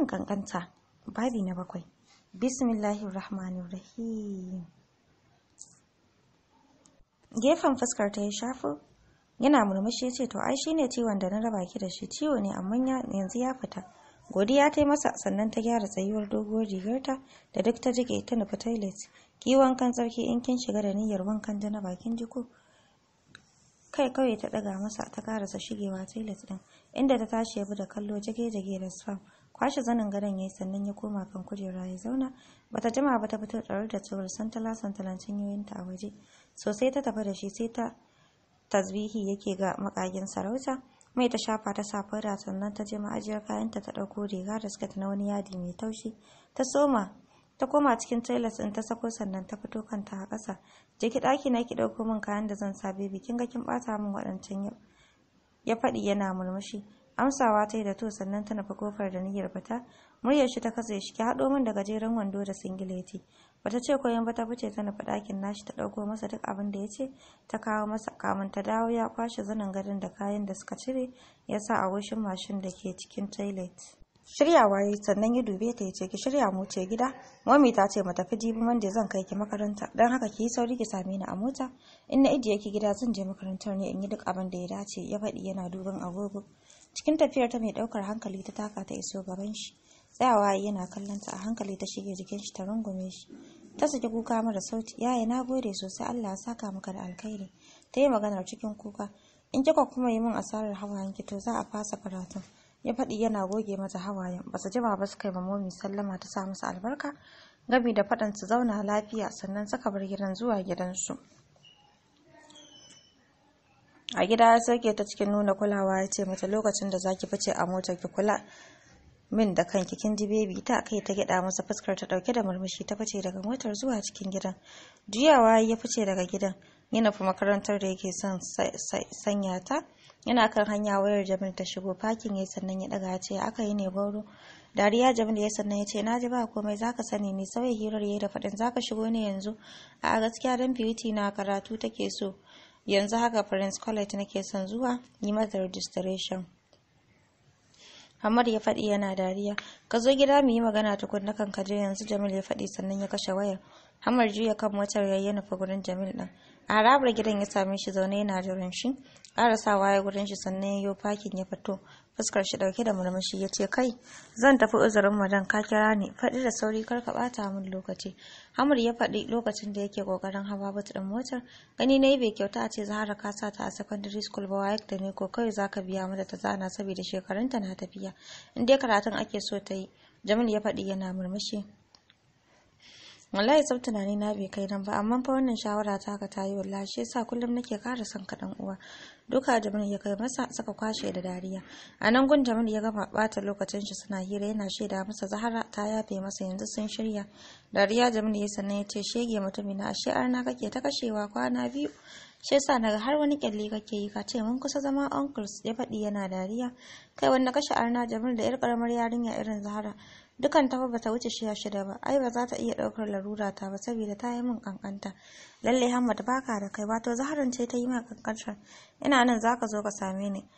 ciwon kankanta babi na bakwai rahim gefen fuskar ta ya shafu yana murmushi ya ce to ai shine ciwon da na raba ki da shi ciwo ne amma yanzu ya fita godiya ta yi masa sannan ta gyara tsayuwar doguwar rigarta da duk ta jike ta nufi toilet kiwon kan tsarki in kin shiga da niyyar wankan jana bakin jiko kai kawai ta daga masa ta karasa shigewa toilet din inda ta tashi ya bi da kallo jage-jage da spam kwashe zanin gadon yayi sannan ya koma kan kujera ya zauna bata jima ba ta fito tsare da tsohuwar santala santalan ta a waje sosai ta tafi da shi sai ta tasbihi yake ga makagin sarauta mai ta shafa ta safara sannan ta je ma'ajiyar kayanta ta dauko riga da skat na wani yadi mai taushi ta soma ta koma cikin tailors in ta sako sannan ta fito kanta a ƙasa je ki ɗaki na ki ɗauko min kayan da zan sa bikin kin ga kin ɓata min waɗancan ya faɗi yana murmushi amsawa ta yi da to sannan ta nufi kofar da niyyar fita muryar shi ta katse shi ki haɗo min da gajeren wando da singileti bata ce koyon ba ta fice ta nufi ɗakin nashi ta ɗauko masa duk abin da ya ce ta kawo masa kamun ta dawo ya kwashe zanen gadon da kayan da suka cire ya sa a wushin mashin da ke cikin toilet. shiryawa yi sannan ya dube ta ya ce ki shirya mu ce gida mami ta ce mu tafi jibi wanda zan kai ki makaranta don haka ki yi sauri ki same ni a mota in na ijiye ki gida zan je makarantar ne in yi duk abin da ya dace ya faɗi yana duban agogo cikin tafiyar ta mai ɗaukar hankali ta taka ta iso gaban shi tsayawa yana kallon ta a hankali ta shige jikin shi ta rungume shi ta saki kuka mara sauti yaya na gode sosai Allah ya saka maka da alkhairi ta yi maganar cikin kuka in kika kuma yi min asarar hawayen ki to za a fasa karatu ya faɗi yana goge mata hawayen ba su jima ba su kai momi sallama ta sa musu albarka gami da faɗan su zauna lafiya sannan suka bar gidan zuwa gidansu. a gida ya sauke ta cikin nuna kulawa ya ce mata lokacin da zaki fice a motar ki kula min da kanki kin ji bebi ta kai ta gida masa fuskar ta dauke da murmushi ta fice daga motar zuwa cikin gidan juyawa ya fice daga gidan yana fi makarantar da yake son sanya ta yana kan hanya wayar jamil ta shigo fakin ya sannan ya daga ce aka yi ne bauro dariya jamil ya sannan ya ce na ji ba komai zaka sani ne sauya hirar ya da faɗin zaka shigo ne yanzu a gaskiya dan beauty na karatu take so yanzu haka prince college nake son zuwa yi mata registration Hamad ya faɗi yana dariya. Ka zo gida mu yi magana tukun na kan je yanzu Jamil ya faɗi sannan ya kashe wayar. Hamar juya kan motar ya yi nufa gurin Jamil ɗin. A harabar gidan ya same shi zaune yana da jiran Ƙara Ƙarasawa ya gurin shi sannan ya yi fakin ya fito. fuskar shi dauke da murmushi ya ce kai zan tafi uzurin madan ka kira ni faɗi da sauri kar ka bata min lokaci hamur ya faɗi lokacin da yake kokarin hawa but din motar gani nayi bai kyauta a ce zahara ka sa ta a secondary school ba wayak da ne ko kawai zaka biya mata ta zana saboda shekarun ta na tafiya in dai karatun ake so ta yi jamil ya faɗi yana murmushi wallahi tsab tunani na bai kai nan ba amma fa wannan shawara ta ka tayi wallahi shi yasa kullum nake kare son ka dan uwa duka jamil ya kai masa suka kwashe da dariya a nan gun jamil ya gama bata lokacin shi suna hira yana shaida masa zahara ta yafe masa yanzu sun shirya dariya jamil ya sannan ya ce shege mutumi na ashe arna kake ta kashewa kwana biyu shi yasa naga har wani kyalle kake yi ka ce mun kusa zama uncles ya faɗi yana dariya kai wanda kashe arna jamil da yar karamar yarinya irin zahara dukan ta ba ta wuce shiya shida ba ai ba za ta iya ɗaukar larura ta ba saboda ta yi min kankanta lalle hamad baka da kai wato zaharan ce ta yi min kankanta ina nan za ka zo ka same ni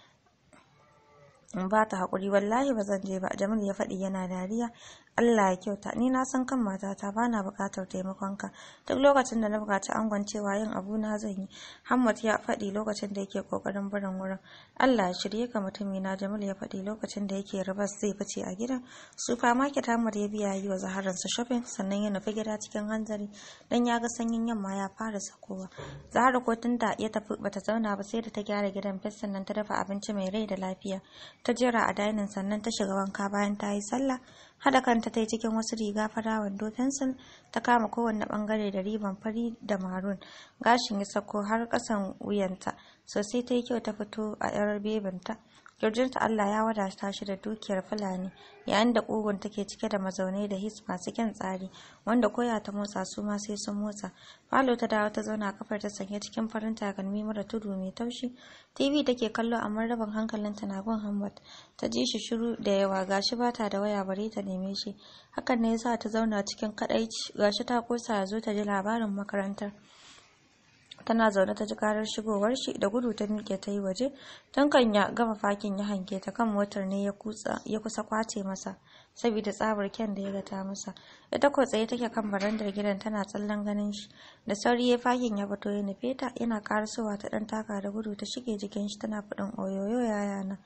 in ba ta haƙuri wallahi ba zan je ba jamil ya faɗi yana dariya Allah ya kyauta ni na san kan matata Bana na buƙatar taimakonka duk lokacin da na bukaci angon cewa yin abu na zan yi Hamad ya faɗi lokacin da yake kokarin barin wurin Allah ya shirye ka mutumi na Jamil ya faɗi lokacin da yake rabas zai fice a gidan supermarket Hamad ya biya yi wa Zaharan su shopping sannan ya nufi gida cikin hanzari dan ya ga sanyin yamma ya fara sakowa Zahara ko tunda ya tafi bata zauna ba sai da ta gyara gidan fes sannan ta dafa abinci mai rai da lafiya ta jira a dainin sannan ta shiga wanka bayan ta yi sallah haɗa kanta ta yi cikin wasu riga fara wando fensil ta kama kowanne ɓangare da riban fari da maroon gashin ya sako har ƙasan wuyanta sosai ta yi kyau ta fito a 'yar bebinta jirginta Allah ya wadata shi da dukiyar Fulani, yayin da ƙugun take cike da mazaunai da his masu kyan tsari, wanda koya ta motsa su ma sai sun motsa. Falo ta dawo ta zauna kafar ta sanye cikin farin takalmi mara tudu mai taushi. TV take kallo a amma rabin ta na gun Hamad. Ta ji shi shiru da yawa gashi bata da waya bare ta neme shi. Hakan ne yasa ta zauna cikin kadaici gashi ta kosa ya zo ta ji labarin makarantar. tana zaune ta ji karar shigowar shi da gudu ta miƙe ta yi waje tun kan ya gama fakin ya hanke ta kan motar ne ya kusa kwace masa saboda tsabar kyan da ya ga ta masa ita ko tsaye take kan barandar gidan tana tsallan ganin shi da sauri ya fakin ya fito ya nufe ta yana karasowa ta dan taka da gudu ta shige jikin shi tana faɗin oyoyo yaya na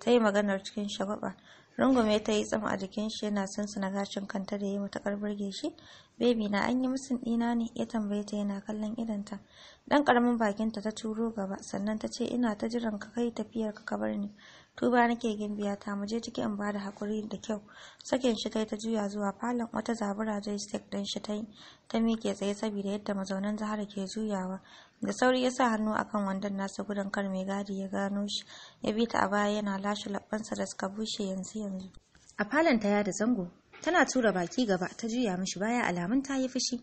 ta yi maganar cikin shagaba. rungume ta yi tsama a jikin shi yana sunsuna gashin kanta da ya matakar burge shi bebi na an yi musun dina ne ya tambaye ta yana kallon idanta dan karamin bakinta ta turo gaba sannan ta ce ina ta jiran ka kai tafiyar ka bar ni tuba nake gimbiya ta muje je ciki in bada hakuri da kyau sakin shi tai ta juya zuwa falon wata zabura zai steak din shi ta ta mike tsaye saboda yadda mazaunan zahara ke juyawa da sauri ya sa hannu akan wandon nasa gudun kar mai gadi ya gano shi ya bi ta a baya yana lashe labbansa da suka bushe yanzu yanzu a falon ta ya da zango tana tura baki gaba ta juya mishi baya alamun ta yi fushi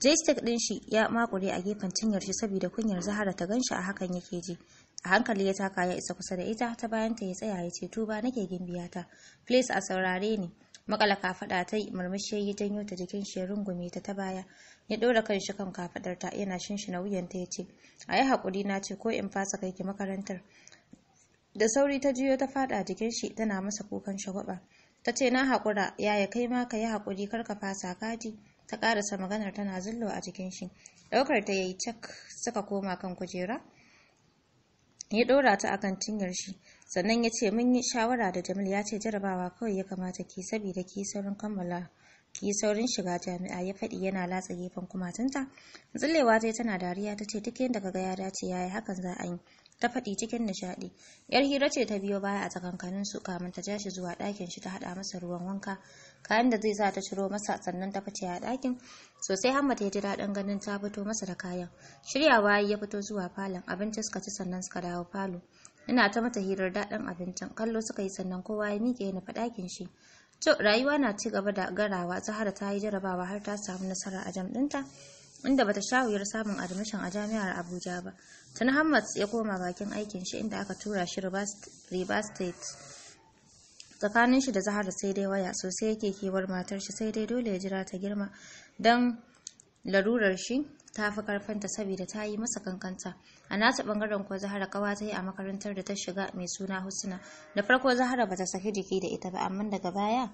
jaystick din shi ya makure a gefen cinyar shi saboda kunyar zahara ta ganshi a hakan yake ji a hankali ya taka ya isa kusa da ita ta bayan ta ya tsaya ya ce tuba nake gimbiya ta please a saurare ne. makala kafada ta yi murmushi ya janyo ta jikin shi rungume ta ta baya ya ɗora kan shi kan kafadar ta yana shin shi shinshina wuyan ya ce. a yi hakuri na ce ko in fasa kai ki makarantar da sauri ta jiyo ta fada jikin shi tana masa kukan shagwaba ta ce na haƙura yaya kai ma ka yi haƙuri kar ka fasa kaji ta ƙarasa maganar tana zullo a jikin shi ɗaukar ta yayi cak suka koma kan kujera ya ɗora ta kan cinyar shi sannan ya ce mun yi shawara da jamil ya ce jarabawa kawai ya kamata ki saboda ki saurin kammala ki saurin shiga jami'a ya faɗi yana latsa gefen kumatunta zillewa dai tana dariya ta ce duk yadda kaga ya dace yayi hakan za a yi ta faɗi cikin nishaɗi. Yar hira ce ta biyo baya a tsakankanin su kamin ta ja shi zuwa ɗakin shi ta haɗa masa ruwan wanka. Kayan da zai sa ta ciro masa sannan ta fice a ɗakin. Sosai Hamma ta ji daɗin ganin ta fito masa da kayan. Shiryawa ya fito zuwa falon abinci suka ci sannan suka dawo falo. Ina ta mata hirar daɗin abincin kallo suka yi sannan kowa ya miƙe na faɗakin shi. To rayuwa na ci gaba da garawa har ta yi jarabawa har ta samu nasara a jam ɗinta. inda bata sha wuyar samun admission a jami'ar Abuja ba. tun hamas ya koma bakin aikin shi inda aka tura shi riba state tsakanin shi da zahara sai dai waya sosai yake kewar matar shi sai dai dole ya jira ta girma don larurar shi ta fi karfanta saboda ta yi masa kankanta a nasu bangaren kuwa zahara kawa ta yi a makarantar da ta shiga mai suna husna da farko zahara bata saki jiki da ita ba amma daga baya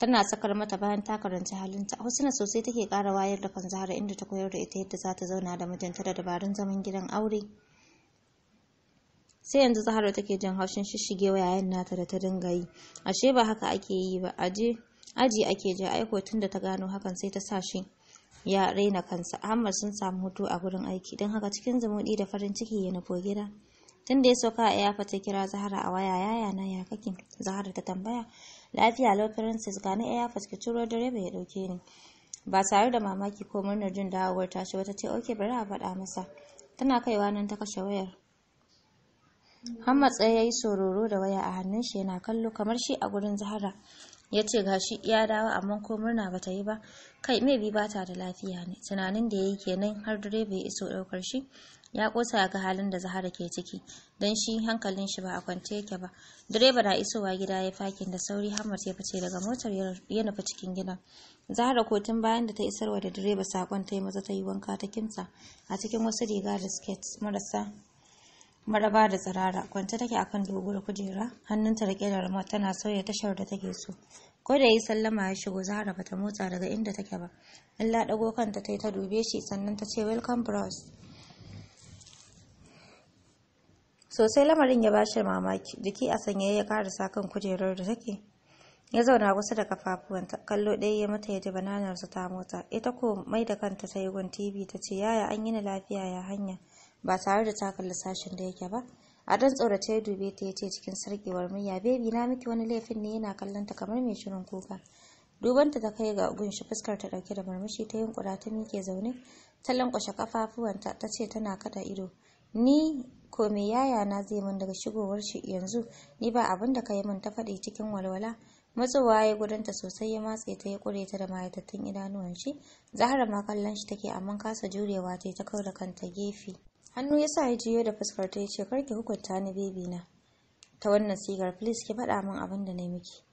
tana sakar mata bayan ta karanci halinta husna sosai take kara wayar da kan zahara inda ta koyar da ita yadda za ta zauna da mijinta da dabarun zaman gidan aure sai yanzu zahara take jin haushin shishige wa yayan nata da ta dinga yi ashe ba haka ake yi ba aje aji ake je aiko tun da ta gano hakan sai ta sa shi ya raina kansa Ahmad sun samu hutu a gurin aiki don haka cikin zumuɗi da farin ciki ya nufo gida tun da ya sauka a yafa ta kira Zahara a waya yaya na ya kake Zahara ta tambaya lafiya lau princess gani ya fuskaci turo direba ya dauke ni ba tare da mamaki ko murnar jin dawowar tashi wata ce oke bari a faɗa masa tana kaiwa nan ta kashe wayar har matsayi ya yi sororo da waya a hannun shi yana kallo kamar shi a gurin Zahara. Ya ce gashi ya dawo amma ko murna bata yi ba, kai mai bi ta da lafiya ne. Tunanin da ya yi kenan har direba ya iso ɗaukar shi, ya kosa ga halin da Zahara ke ciki dan shi hankalin shi ba a kwance yake ba direba da isowa gida ya fakin da sauri Hamad ya fice daga motar ya nufi cikin gidan Zahara ko tun bayan da ta isarwa da direba sakon ta yi maza ta yi wanka ta kimsa a cikin wasu riga da skates marasa maraba da tsirara kwance take akan doguwar kujera hannunta rike da remote tana sauya tashar da take so ko da yi sallama ya shigo zahara bata motsa daga inda take ba in dago kanta ta yi ta dube shi sannan ta ce welcome bros sosai lamarin ya bashi mamaki jiki a sanya ya karasa kan kujerar da take ya zauna kusa da kafafuwanta kallo ɗaya ya mata ya bananarsa ta mota ita ko mai da kanta ta yi gun tv ta ce yaya an yi ni lafiya ya hanya ba tare da ta kalli sashen da yake ba a dan tsorata ya dube ta ya ce cikin sarkewar murya bebi na miki wani laifin ne yana kallon ta kamar mai shirin kuka dubanta ta kai ga gunshi fuskar ta dauke da murmushi ta yunkura ta miƙe zaune ta lankwashe kafafuwanta ta ce tana kada ido ni ko me yaya na zai min daga shigowar shi yanzu ni ba abin da ka yi min ta faɗi cikin walwala matsowa ya gudanta sosai ya matse ta ya kure ta da mayatattun idanuwan shi zahra ma kallon shi take amma kasa jurewa ta ta kau da kanta gefe hannu ya sa ya jiyo da fuskar ta ya ce karki hukunta ni bebi na ta wannan sigar please ki faɗa min abin da na miki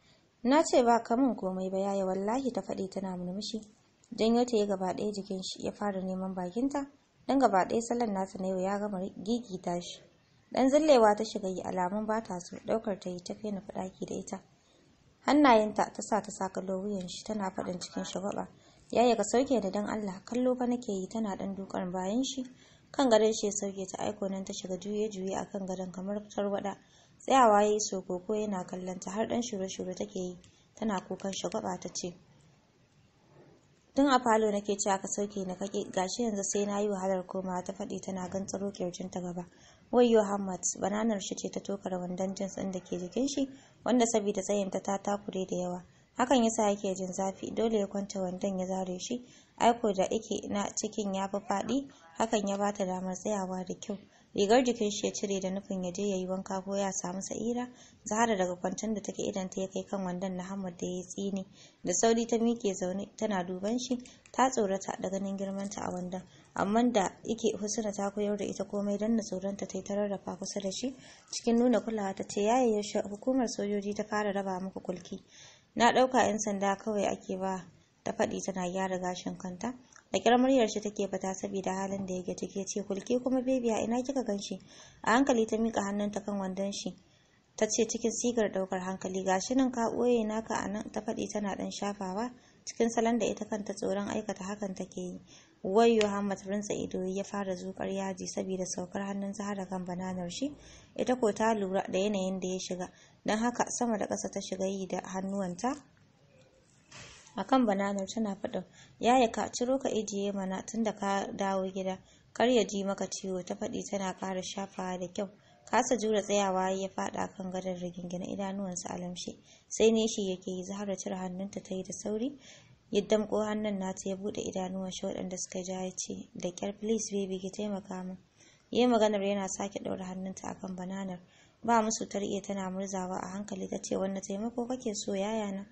na ce ba ka min komai ba yaya wallahi ta faɗi tana murmushi janyo ta ya gaba ɗaya jikin shi ya fara neman bakinta don gaba ɗaya salon nasa na yau ya gama gigita shi dan zillewa ta shiga yi alamun ba ta so ɗaukar ta yi ta kai na faɗaki da ita hannayenta ta sa ta saka wuyan shi tana faɗin cikin shagwaba ya yi ka sauke da don allah kallo fa nake yi tana ɗan dukar bayan shi kan gadon shi ya sauke ta aiko nan ta shiga juye-juye a kan gadon kamar tarwaɗa tsayawa ya yi sokoko yana kallon ta har ɗan shure-shure take yi tana kukan shagwaba ta ce tun a falo nake cewa ka sauke na kake gashi yanzu sai na yi wahalar koma ta faɗi tana gan tsaro kirjin ta gaba Wai hamad bananar shi ce ta tokar wandon jins ɗin da ke jikin shi wanda saboda tsayin ta ta takure da yawa hakan yasa yake jin zafi dole ya kwanta wandon ya zare shi aiko da ike na cikin ya fi faɗi hakan ya bata damar tsayawa da kyau rigar jikin shi ya cire da nufin ya je ya yi wanka ko ya samu sa'ira zahara daga kwancen da take idan ta ya kai kan wandon na hamad da ya yi tsini da sauri ta miƙe zaune tana duban shi ta tsorata da ganin girmanta a wandon amma da yake husna ta koyar da ita komai don na tsoronta ta yi ta rarrafa kusa da shi cikin nuna kulawa ta ce yaya hukumar sojoji ta fara raba muku kulki na ɗauka 'yan sanda kawai ake ba ta faɗi tana gyara gashin kanta da kyar muryar shi take fita saboda halin da yake ciki ce kulki kuma bebiya ina kika ganshi a hankali ta mika hannunta kan wandon shi ta ce cikin sigar ɗaukar hankali gashi nan ka ɓoye naka a nan ta faɗi tana ɗan shafawa cikin salon da ita kanta tsoron aikata hakan take yi wai Muhammad rinsa ido ya fara zukar yaji saboda saukar hannun Zahra kan bananar shi ita ko ta lura da yanayin da ya shiga don haka sama da ƙasa ta shiga yi da hannuwanta akan bananar tana faɗin yaya ka ciro ka ijiye mana tunda ka dawo gida kar ya ji maka ciwo ta faɗi tana ƙara shafawa da kyau kasa jure tsayawa ya faɗa kan gadon rigingina idanuwansa a lamshe sai ne shi yake yi zahara cire hannunta ta yi da sauri ya damƙo hannun nata ya buɗe idanuwan shi waɗanda suka ja ya ce da kyar please baby ki taimaka min yi maganar yana sake ɗaura hannunta akan bananar ba musu iya tana murzawa a hankali ta ce wanne taimako kake so yaya na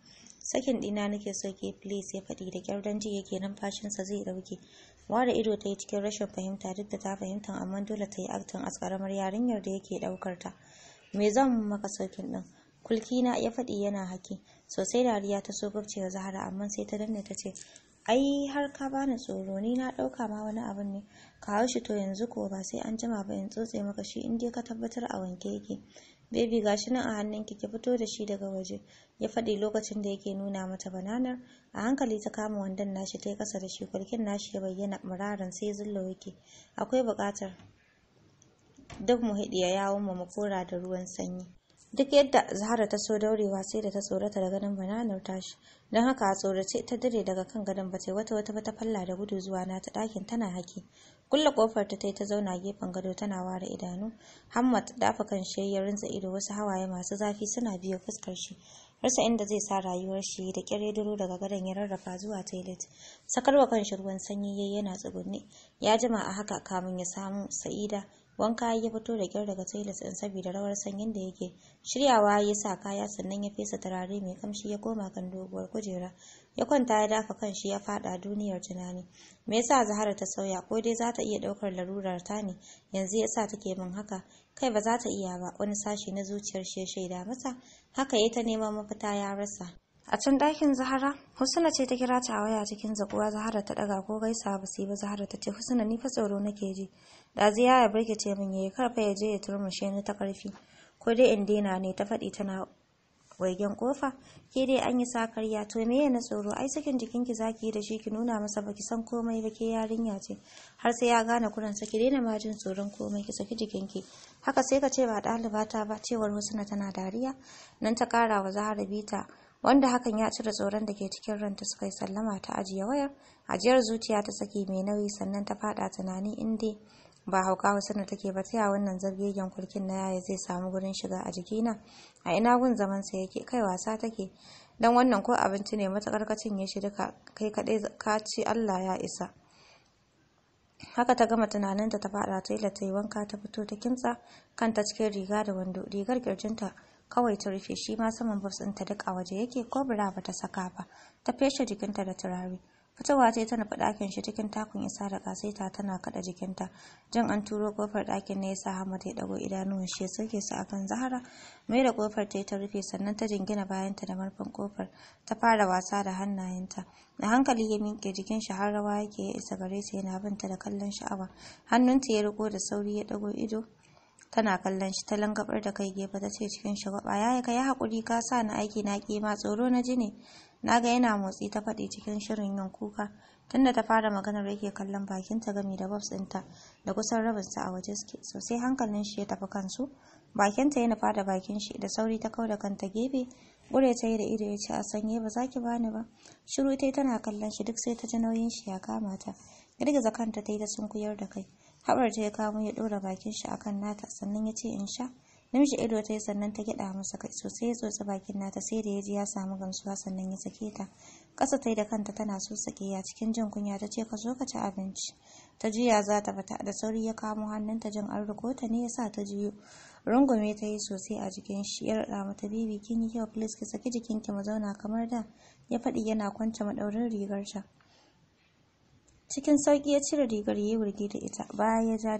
sakin dina nake so ke please ya faɗi da kyar danji yake numfashinsa zai ɗauke ware ido ta yi cikin rashin fahimta duk da ta fahimta amma dole ta yi aktin a karamar yarinyar da yake ɗaukar ta me zan maka saukin ɗin kulki na ya faɗi yana haki sosai dariya ta so gwabce zahara amma sai ta danne ta ce ai har ka bani tsoro ni na ɗauka ma wani abin ne kawo shi to yanzu ko ba sai an jima ba in tsotse maka shi in dai ka tabbatar a wanke yake Baby gashi nan a hannunki ki fito da shi daga waje. Ya faɗi lokacin da yake nuna mata bananar. A hankali ta kama wandon nashi ta yi kasa da shi kwalkin nashi ya bayyana muraran sai zullo yake. Akwai buƙatar duk muhiɗi ya yawon kora da ruwan sanyi. Duk yadda Zahra ta so daurewa sai da ta tsorata da ganin bananar tashi. Don haka a tsorace ta dare daga kan gadon ba ta wata wata ba ta falla da gudu zuwa na ta dakin tana haki. kulla kofar ta ta zauna gefen gado tana ware idanu hammat dafa kan shi ya ido wasu hawaye masu zafi suna biyo fuskar shi rasa inda zai sa rayuwar shi da kyare duro daga gadon ya rarrafa zuwa toilet sakarwa kan shi ruwan sanyi yayi yana tsugunne ya jima a haka kamun ya samu sa'ida wanka ya fito da kyar daga toilet din saboda rawar sanyin da yake shiryawa ya sa kaya sannan ya fesa turare mai kamshi ya koma kan doguwar kujera ya kwanta ya dafa kan shi ya fada duniyar tunani me yasa zahara ta sauya ko dai za ta iya daukar larurar ta ne yanzu yasa take min haka kai ba za ta iya ba wani sashi na zuciyar shi shaida masa haka ya ta neman mafita ya rasa a can ɗakin zahara husna ce ta kira ta a waya cikin zakuwa zahara ta ɗaga ko gaisa ba su yi ba zahara ta ce husna ni fa tsoro nake ji ɗazu ya ya ce min yayi karfa ya je ya turmushe ni ta ƙarfi ko dai in daina ne ta faɗi tana waigen kofa ke dai an yi sakarya to me na tsoro ai sakin jikin ki zaki yi da shi ki nuna masa baki san komai ba ke yarinya ce har sai ya gane kuran sa ki daina majin tsoron komai ki saki jikin ki haka sai ka ce ba ɗaliba ta ba cewar husna tana dariya nan ta kara wa zahara bita wanda hakan ya cire tsoron da ke cikin ranta suka yi sallama ta ajiye wayar ajiyar zuciya ta saki mai nauyi sannan ta fada tunani in dai ba hauka sanar take ba ta wannan zargegen kulkin na yaya zai samu gurin shiga a jikina a ina gun zaman sa yake kai wasa take dan wannan ko abinci ne matakar ka cinye shi duka kai kadai ka ci Allah ya isa haka ta gama tunanin ta fada ta ta yi wanka ta fito ta kintsa kanta cikin riga da wando rigar kirjinta kawai ta rufe shi ma saman bus ɗinta duk a waje yake ko bra ba ta saka ba ta feshe jikinta da turare fitowa ta ta nufi ɗakin shi cikin takun isa da kasaita tana kaɗa jikinta jan an turo kofar ɗakin na yasa hamad ya ɗago idanuwan shi ya soke su akan zahara mai da kofar ta ta rufe sannan ta jingina bayanta da marfin kofar ta fara wasa da hannayenta da hankali ya miƙe jikin shi har rawa yake ya isa gare sa yana ta da kallon sha'awa hannunta ya riko da sauri ya ɗago ido tana kallon shi ta langabar da kai gefe ta ce cikin shagwaba ya yi ka yi haƙuri ka sa na aiki na kima tsoro na ji Na ga yana motsi ta faɗi cikin shirin yin kuka. Tunda ta fara maganar yake kallon bakinta gami da bobs ɗinta da kusan rabin sa a waje suke sosai hankalin shi ya tafi kansu. Bakinta ya nufa da bakin shi da sauri ta kau da kanta gefe. Gure ta yi da ido ya ce a sanye ba za ki bani ba. Shiru ta tana kallon shi duk sai ta ji nauyin shi ya kama ta. Girgiza kanta ta yi ta sunkuyar da kai. Haɓar ta ya kamo ya ɗora bakin shi akan nata sannan ya ce in sha. namiji ido ta yi sannan ta gyaɗa masa kai sosai ya tsotsi bakin nata sai da ya ji ya samu gamsuwa sannan ya sake ta ƙasa ta yi da kanta tana so ya cikin jin kunya ta ce ka zo ka ci abinci ta juya za ta fita da sauri ya kamo hannun ta jin an riko ta ne ya sa ta juyo rungume ta yi sosai a jikin shi ya rada mata bibi kin yi kyau please ki saki jikinki mu zauna kamar da ya faɗi yana kwance rigar rigarta cikin sauki ya cire rigar ya wurge da ita baya ya ja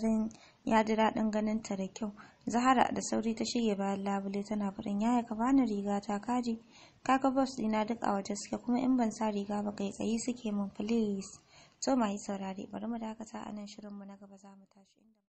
ya ji daɗin ganin ta da kyau Zahara da sauri ta shige bayan labule tana faɗin yaya ka bani riga ta kaji kaga boss dina duk a waje suke kuma in ban sa riga ba kai tsayi suke min please to mai saurare bari mu dakata anan shirin mu na gaba za mu tashi